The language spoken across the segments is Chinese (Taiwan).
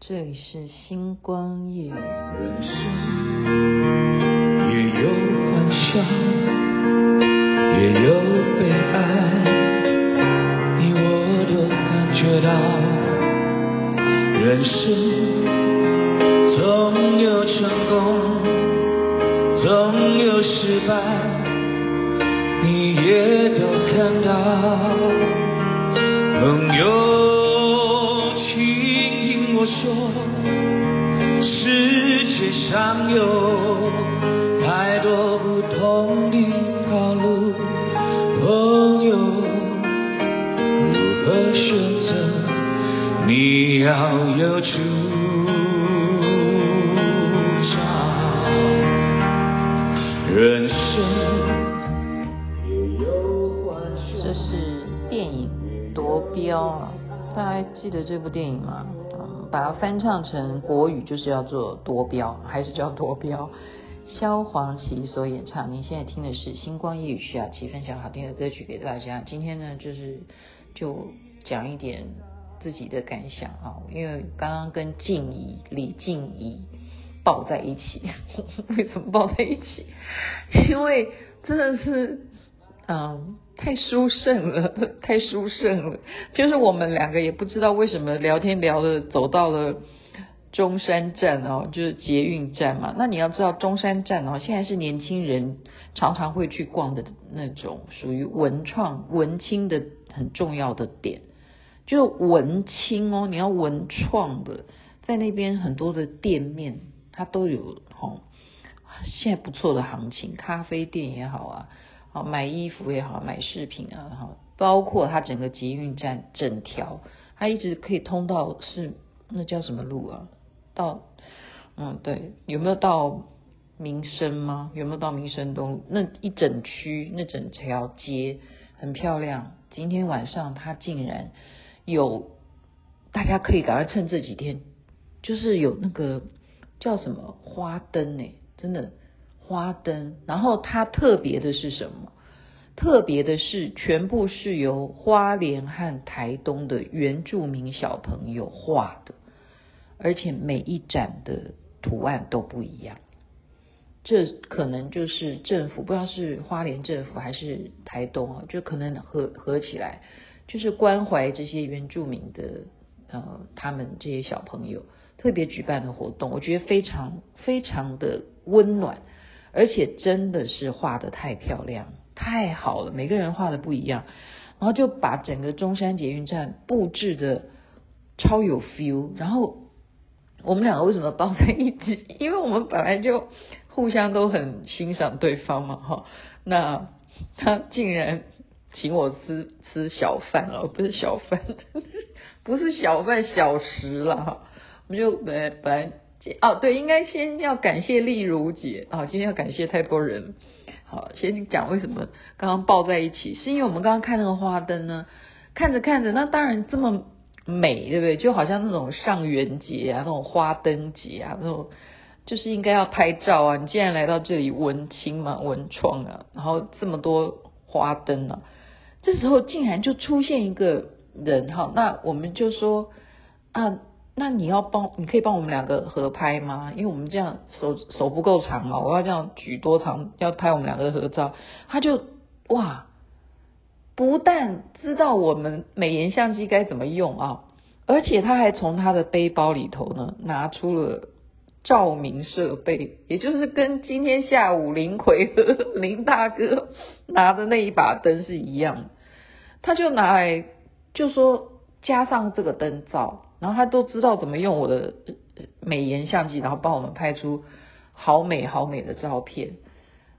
這裡是星光夜語，人生也有歡笑，也有悲哀，你我都感覺到。人生總有成功，總有失敗，你也。說世界上有太多不同的道路，朋友，如何選擇？你要有主張。人生也有，這是電影奪標啊，大家還記得這部電影嗎？把它翻唱成國語，就是要做多標，還是叫多標？蕭煌奇所演唱。您現在聽的是《星光夜語》，徐雅琪分享好聽的歌曲給大家。今天呢，就是就講一點自己的感想啊、哦，因為剛剛跟靜怡李靜怡抱在一起，為什麼抱在一起？因為真的是，嗯。太殊勝了，太殊勝了，就是我們兩個也不知道為什麼聊天聊的，走到了中山站哦，就是捷運站嘛。那你要知道中山站哦，現在是年輕人常常會去逛的那種屬於文創文青的很重要的點，就文青哦，你要文創的，在那邊很多的店面它都有哦，現在不錯的行情，咖啡店也好啊。好，買衣服也好，買飾品啊，好，包括它整個捷運站整條，它一直可以通到是那叫什麼路啊？到，嗯，對，有沒有到民生嗎？有沒有到民生東路？那一整區那整條街很漂亮。今天晚上它竟然有，大家可以趕快趁這幾天，就是有那個叫什麼花燈哎、欸，真的。花燈，然後它特別的是什麼？特別的是全部是由花蓮和台東的原住民小朋友畫的，而且每一盞的圖案都不一樣。這可能就是政府，不知道是花蓮政府還是台東啊，就可能合合起來，就是關懷這些原住民的呃，他們這些小朋友特別舉辦的活動，我覺得非常非常的溫暖。而且真的是畫得太漂亮、太好了，每個人畫的不一樣，然後就把整個中山捷運站布置的超有 feel。然後我們兩個為什麼抱在一起？因為我們本來就互相都很欣賞對方嘛，哈。那他竟然請我吃吃小飯哦，不是小飯，不是小飯小，小食了哈，我們就本來本來。哦、啊，對，應該先要感謝麗如姐啊，今天要感謝太多人。好，先講為什麼剛剛抱在一起，是因為我們剛剛看那個花燈呢，看着看着，那當然這麼美，對不對？就好像那種上元節啊，那種花燈節啊，那種就是應該要拍照啊。你既然來到這裡，文青嘛，文創啊，然後這麼多花燈啊，這時候竟然就出現一個人哈、啊，那我們就說啊。那你要幫，你可以幫我們兩個合拍嗎？因為我們這樣手手不夠長嘛，我要這樣舉多長，要拍我們兩個合照。他就哇，不但知道我們美顏相機該怎麼用啊，而且他還從他的背包裡頭呢拿出了照明設備，也就是跟今天下午林奎和林大哥拿的那一把燈是一樣的，他就拿來就說加上這個燈罩。然後他都知道怎麼用我的美顏相機，然後幫我們拍出好美好美的照片。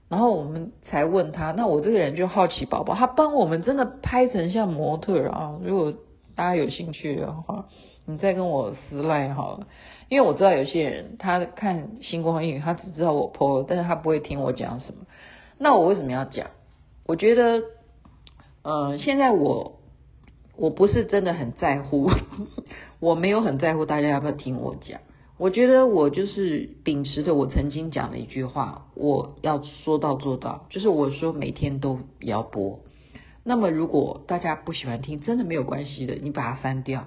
然後我們才問他，那我這個人就好奇寶寶，他幫我們真的拍成像模特啊。如果大家有興趣的話，你再跟我私賴好了，因為我知道有些人他看星光夜語，他只知道我 po，但是他不會聽我講什麼。那我為什麼要講？我覺得，呃，現在我。我不是真的很在乎， 我沒有很在乎大家要不要聽我講。我覺得我就是秉持着我曾經講的一句話，我要說到做到。就是我說每天都要播。那麼如果大家不喜歡聽，真的沒有關係的，你把它刪掉。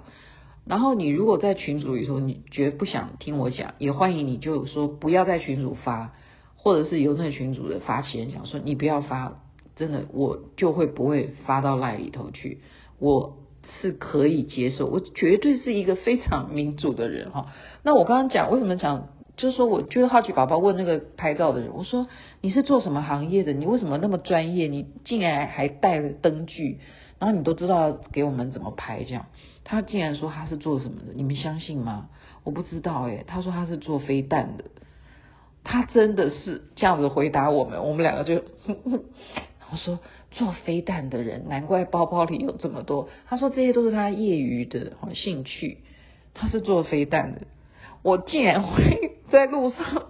然後你如果在群組裡頭，你覺得不想聽我講，也歡迎你就說不要在群組發，或者是由那群組的發起人講說你不要發，真的我就會不會發到賴裡頭去。我。是可以接受，我絕對是一個非常民主的人哈。那我剛剛講為什麼講，就是說我，我就是好奇寶寶問那個拍照的人，我說你是做什麼行業的？你為什麼那麼專業？你竟然還帶了燈具，然後你都知道要給我們怎麼拍這樣？他竟然說他是做什麼的？你們相信嗎？我不知道耶。他說他是做飛彈的，他真的是這樣子回答我們，我們兩個就哼哼。他說做飛彈的人，難怪包包裡有這麼多。他說這些都是他業餘的、哦、興趣。他是做飛彈的，我竟然會在路上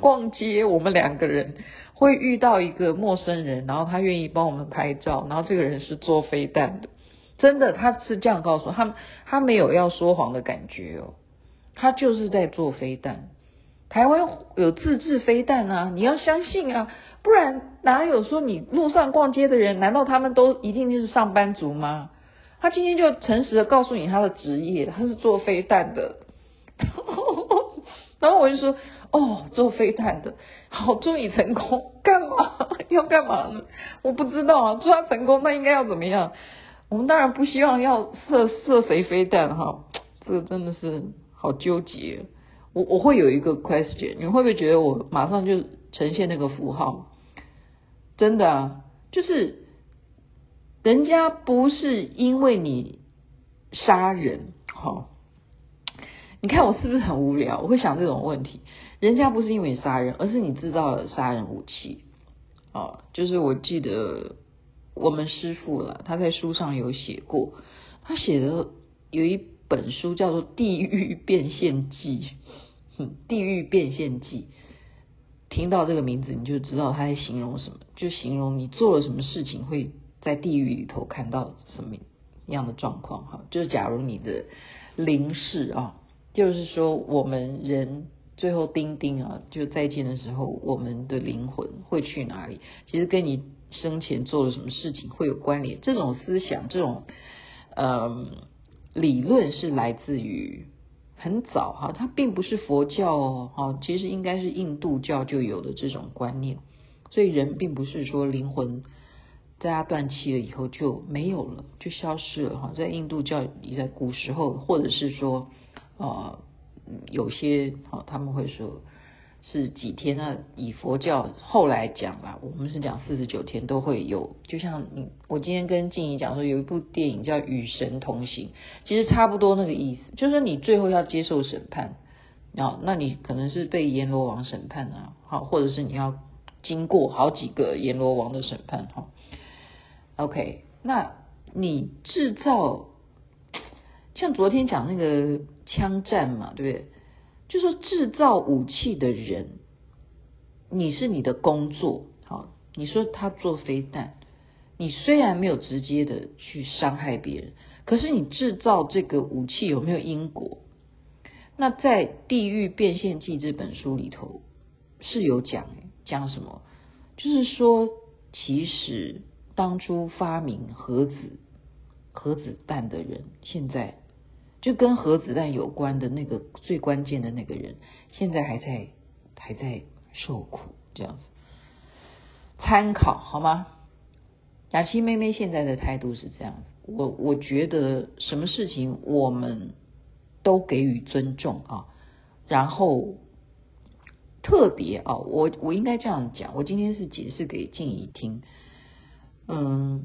逛街，我們兩個人會遇到一個陌生人，然後他願意幫我們拍照，然後這個人是做飛彈的，真的，他是這樣告訴我，他他沒有要說謊的感覺哦，他就是在做飛彈。台灣有自製飛彈啊！你要相信啊，不然哪有說你路上逛街的人？難道他們都一定就是上班族嗎？他今天就誠實的告訴你他的職業，他是做飛彈的。 然後我就說，哦，做飛彈的好，祝你成功，幹嘛要幹嘛呢？我不知道啊，祝他成功，那應該要怎麼樣？我們當然不希望要射射誰飛彈哈，啊，這個真的是好糾結。我我會有一個 question，你會不會覺得我馬上就呈現那個符號？真的啊，就是人家不是因為你殺人，好、哦，你看我是不是很無聊？我會想這種問題。人家不是因為殺人，而是你製造了殺人武器。哦，就是我記得我們師父了，他在書上有寫過，他寫的有一本書叫做《地獄變現記》。嗯，地獄變現記，聽到這個名字你就知道它在形容什麼，就形容你做了什麼事情會在地獄裡頭看到什麼樣的狀況。哈，就是假如你的靈世啊，哦，就是說我們人最後丁丁啊，就再見的時候，我們的靈魂會去哪裡？其實跟你生前做了什麼事情會有關聯。這種思想，這種嗯理論是來自於。很早哈，它並不是佛教哦，哈，其實應該是印度教就有的這種觀念，所以人並不是說靈魂，在他斷氣了以後就沒有了，就消失了哈，在印度教也在古時候，或者是說，啊有些好，他們會說。是幾天呢？那以佛教後來講吧，我們是講四十九天都會有。就像你，我今天跟靜怡講說，有一部電影叫《與神同行》，其實差不多那個意思，就是說你最後要接受審判啊，那你可能是被閻羅王審判啊，好，或者是你要經過好幾個閻羅王的審判哈。OK，那你製造像昨天講那個槍戰嘛，對不對？就是說制造武器的人，你是你的工作，好，你說他做飛彈，你雖然沒有直接的去傷害別人，可是你制造這個武器有沒有因果？那在《地獄變現記》這本書裡頭是有講，講什麼？就是說，其實當初發明核子核子彈的人，現在。就跟核子彈有關的那個最關鍵的那個人，現在還在還在受苦，這樣子。參考好嗎？雅琪妹妹現在的態度是這樣子，我我覺得什麼事情我們都給予尊重啊。然後特別啊，我我應該這樣講，我今天是解釋給靜怡聽。嗯，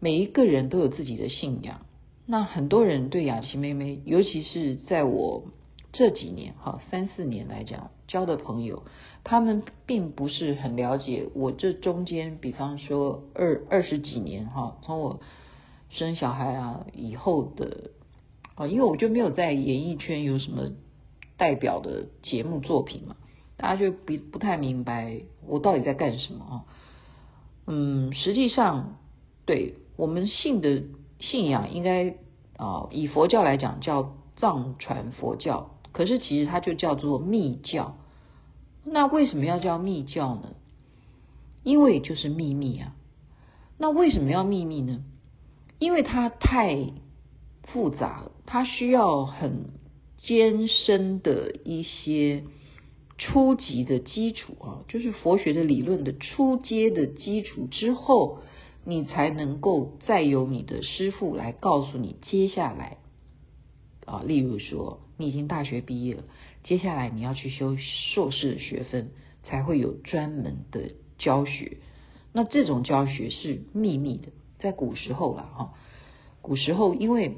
每一個人都有自己的信仰。那很多人對雅琪妹妹，尤其是在我這幾年哈三四年來講交的朋友，他們並不是很了解我這中間，比方說二二十幾年哈，從我生小孩啊以後的啊，因為我就沒有在演藝圈有什麼代表的節目作品嘛，大家就比不太明白我到底在幹什麼啊。嗯，實際上，對我們性的。信仰應該啊，哦，以佛教來講叫藏傳佛教，可是其實它就叫做密教。那為什麼要叫密教呢？因為就是秘密啊。那為什麼要秘密呢？因為它太複雜，它需要很艱深的一些初級的基礎啊，就是佛學的理論的初階的基礎之後。你才能夠再由你的師傅來告訴你接下來，啊，例如說你已經大學畢業了，接下來你要去修碩士學分，才會有專門的教學。那這種教學是秘密的，在古時候了哈，古時候因為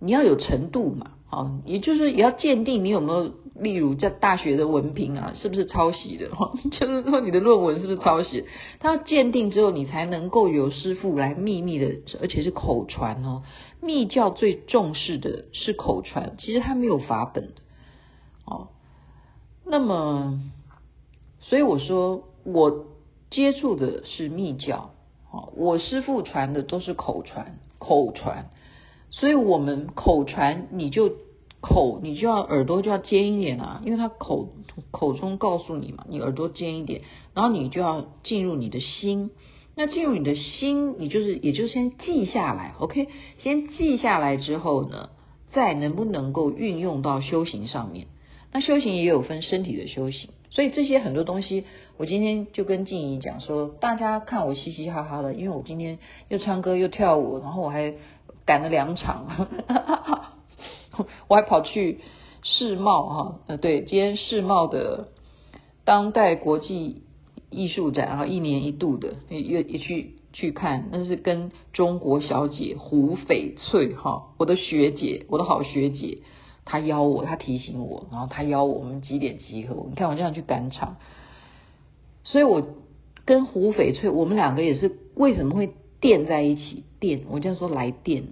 你要有程度嘛。哦，也就是也要鑑定你有沒有，例如在大學的文憑啊，是不是抄襲的？就是說你的論文是不是抄襲？他要鑑定之後，你才能夠由師傅來秘密的，而且是口傳哦。密教最重視的是口傳，其實他沒有法本的。哦，那麼，所以我說我接觸的是密教，哦，我師傅傳的都是口傳，口傳。所以我們口傳，你就口，你就要耳朵就要尖一點啊，因為他口口中告訴你嘛，你耳朵尖一點，然後你就要進入你的心，那進入你的心，你就是也就先記下來，OK，先記下來之後呢，再能不能夠運用到修行上面？那修行也有分身體的修行，所以這些很多東西，我今天就跟靜怡講說，大家看我嘻嘻哈哈的，因為我今天又唱歌又跳舞，然後我還。趕了兩場呵呵，我還跑去世貿哈，呃，對，今天世貿的當代國際藝術展，然後一年一度的，也也去去看，那是跟中國小姐胡翡翠哈，我的學姐，我的好學姐，她邀我，她提醒我，然後她邀我，我們幾點集合，你看我這樣去趕場，所以我跟胡翡翠，我們兩個也是為什麼會。電在一起，電，我這樣說來電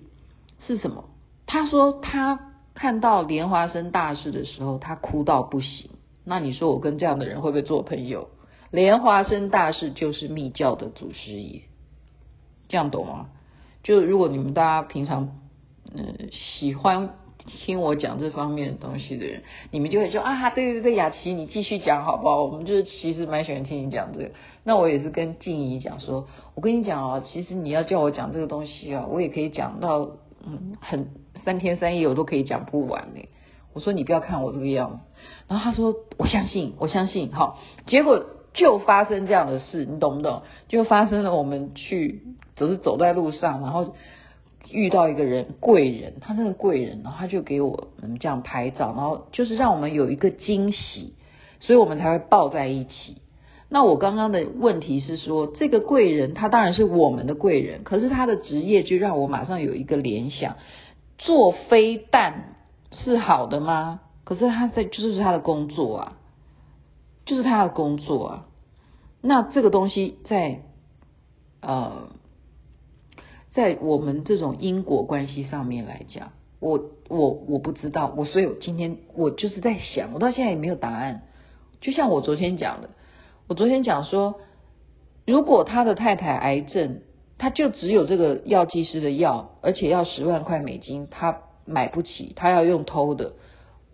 是什麼？他說他看到蓮花生大師的時候，他哭到不行。那你說我跟這樣的人會不會做朋友？蓮花生大師就是密教的祖師爺，這樣懂嗎？就如果你們大家平常嗯、呃、喜歡。聽我講這方面的東西的人，你們就會說啊，對對對，雅琪，你繼續講好不好？我們就是其實蠻喜歡聽你講這個。那我也是跟靜怡講說，我跟你講哦，其實你要叫我講這個東西啊、哦，我也可以講到嗯，很三天三夜我都可以講不完呢。我說你不要看我這個樣子，然後他說我相信，我相信，好，結果就發生這樣的事，你懂不懂？就發生了，我們去就是走在路上，然後。遇到一個人貴人，他真的貴人，然後他就給我，我們這樣拍照，然後就是讓我們有一個驚喜，所以我們才會抱在一起。那我剛剛的問題是說，這個貴人他當然是我們的貴人，可是他的職業就讓我馬上有一個聯想：做飛彈是好的嗎？可是他在就是他的工作啊，就是他的工作啊。那這個東西在呃。在我們這種因果關係上面來講，我我我不知道，我所以我今天我就是在想，我到現在也沒有答案。就像我昨天講的，我昨天講說，如果他的太太癌症，他就只有這個藥劑師的藥，而且要十萬塊美金，他買不起，他要用偷的。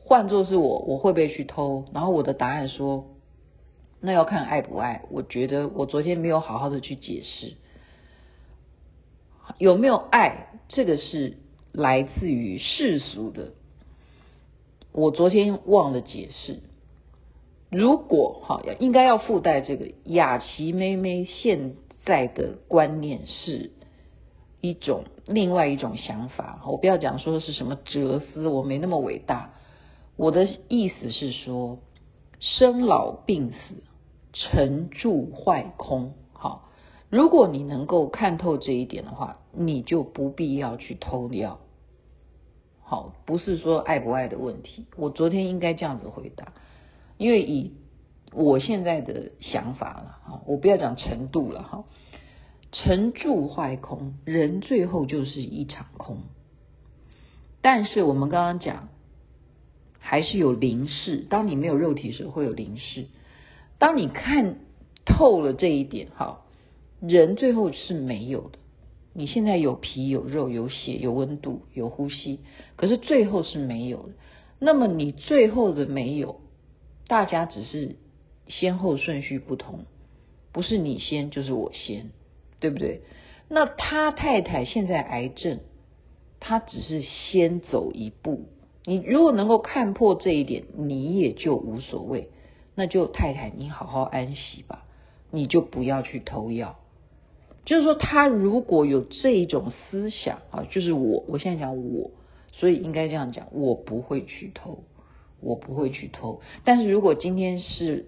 換做是我，我會不會去偷？然後我的答案說，那要看愛不愛。我覺得我昨天沒有好好的去解釋。有沒有愛？這個是來自於世俗的。我昨天忘了解釋。如果哈要應該要附帶這個，雅琪妹妹現在的觀念是一種另外一種想法。我不要講說是什麼哲思，我沒那麼偉大。我的意思是說，生老病死，成住壞空。如果你能夠看透這一點的話，你就不必要去偷掉。好，不是說愛不愛的問題。我昨天應該這樣子回答，因為以我現在的想法了，哈，我不要講程度了，哈，成住壞空，人最後就是一場空。但是我們剛剛講，還是有靈視。當你沒有肉體時候，會有靈視。當你看透了這一點，哈。人最後是沒有的，你現在有皮有肉有血有溫度有呼吸，可是最後是沒有的。那麼你最後的沒有，大家只是先後順序不同，不是你先就是我先，對不對？那他太太現在癌症，他只是先走一步。你如果能夠看破這一點，你也就無所謂。那就太太，你好好安息吧，你就不要去偷藥。就是說，他如果有這一種思想啊，就是我，我現在講我，所以應該這樣講，我不會去偷，我不會去偷。但是如果今天是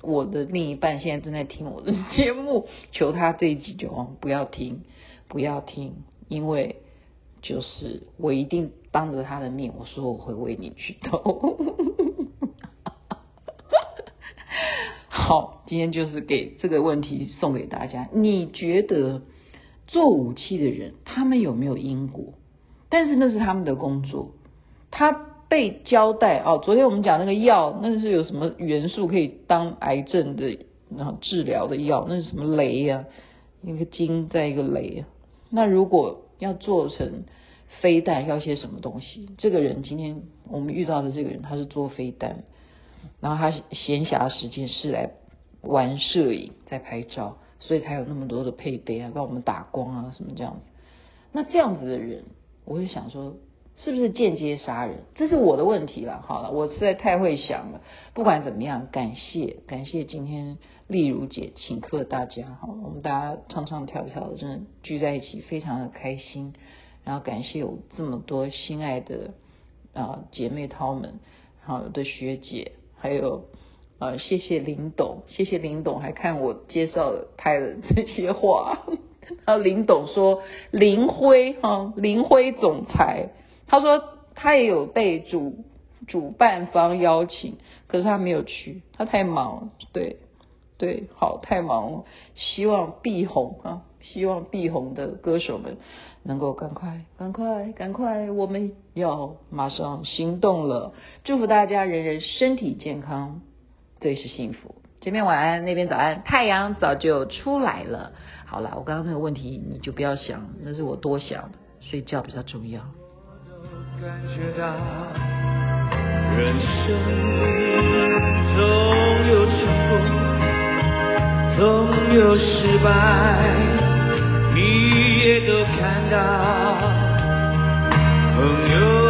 我的另一半，現在正在聽我的節目，求他這一集就哦，不要聽，不要聽，因為就是我一定當着他的面，我說我會為你去偷。好，今天就是給這個問題送給大家。你覺得做武器的人，他們有沒有因果？但是那是他們的工作，他被交代哦。昨天我們講那個藥，那是有什麼元素可以當癌症的然後治療的藥？那是什麼雷呀？啊？一個金再一個雷，啊。那如果要做成飛彈，要些什麼東西？這個人，今天我們遇到的這個人，他是做飛彈，然後他閒暇的時間是來玩攝影在拍照，所以才有那麼多的配備啊，幫我們打光啊，什麼這樣子。那這樣子的人，我就想說，是不是間接殺人？這是我的問題了。好了，我實在太會想了。不管怎麼樣，感謝感謝今天麗如姐請客。大家好，我們大家唱唱跳跳的，真的聚在一起非常的開心。然後感謝有這麼多心愛的啊姐妹淘們，好的學姐，還有。啊，謝謝林董，謝謝林董還看我介紹拍的這些話。然後林董說：“林輝哈，林輝總裁，他說他也有被主主辦方邀請，可是他沒有去，他太忙了。對對，好，太忙了。希望碧紅啊，希望碧紅的歌手們能夠趕快、趕快、趕快，我們要馬上行動了。祝福大家人人身體健康。”最是幸福。這邊晚安，那邊早安，太陽早就出來了。好了，我剛剛那個問題你就不要想，那是我多想，睡覺比較重要。我都感覺到人生總有成功，總有失敗，你也都看到朋友